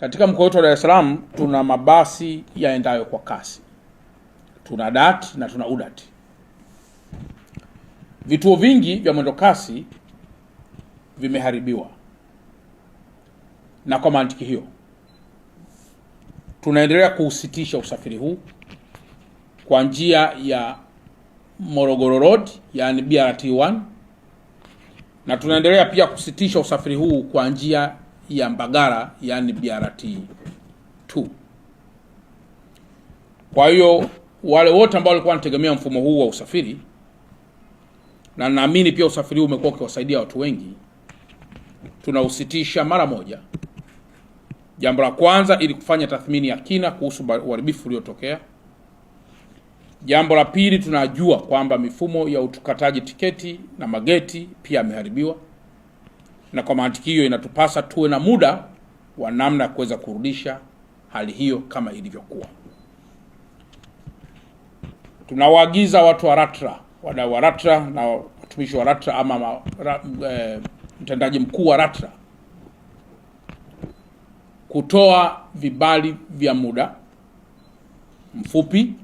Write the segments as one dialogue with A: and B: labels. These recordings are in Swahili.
A: Katika mkoa wetu wa Dar es Salaam tuna mabasi yaendayo kwa kasi, tuna dati na tuna udat Vituo vingi vya mwendo kasi vimeharibiwa, na kwa mantiki hiyo tunaendelea kuusitisha usafiri huu kwa njia ya Morogoro Road, yani BRT1, na tunaendelea pia kusitisha usafiri huu kwa njia ya Mbagara, yani BRT 2. Kwa hiyo wale wote ambao walikuwa wanategemea mfumo huu wa usafiri, na naamini pia usafiri huu umekuwa ukiwasaidia watu wengi, tunausitisha mara moja. Jambo la kwanza, ili kufanya tathmini ya kina kuhusu uharibifu uliotokea. Jambo la pili, tunajua kwamba mifumo ya utukataji tiketi na mageti pia yameharibiwa na kwa mantiki hiyo inatupasa tuwe na muda wa namna ya kuweza kurudisha hali hiyo kama ilivyokuwa. Tunawaagiza watu wa ratra wadau wa RATRA na watumishi wa RATRA ama ma, ra, e, mtendaji mkuu wa ratra kutoa vibali vya muda mfupi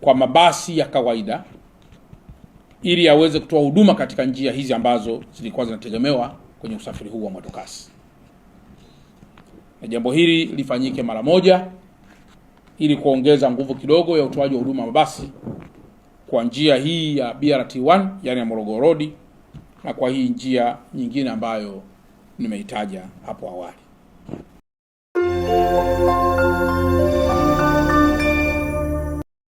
A: kwa mabasi ya kawaida ili aweze kutoa huduma katika njia hizi ambazo zilikuwa zinategemewa kwenye usafiri huu wa mwendokasi, na jambo hili lifanyike mara moja ili kuongeza nguvu kidogo ya utoaji wa huduma mabasi kwa njia hii ya BRT1 yani ya Morogoro Road na kwa hii njia nyingine ambayo nimeitaja hapo awali.